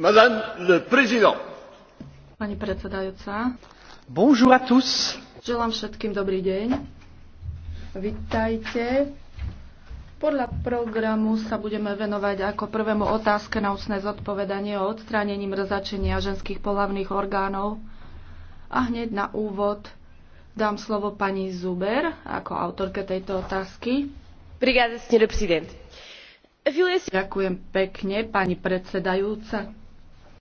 Pani predsedajúca. Bonjour à tous. Želám všetkým dobrý deň. Vitajte. Podľa programu sa budeme venovať ako prvému otázke na ústne zodpovedanie o odstránení mrzačenia ženských pohlavných orgánov. A hneď na úvod dám slovo pani Zuber ako autorke tejto otázky. Ďakujem pekne, pani predsedajúca.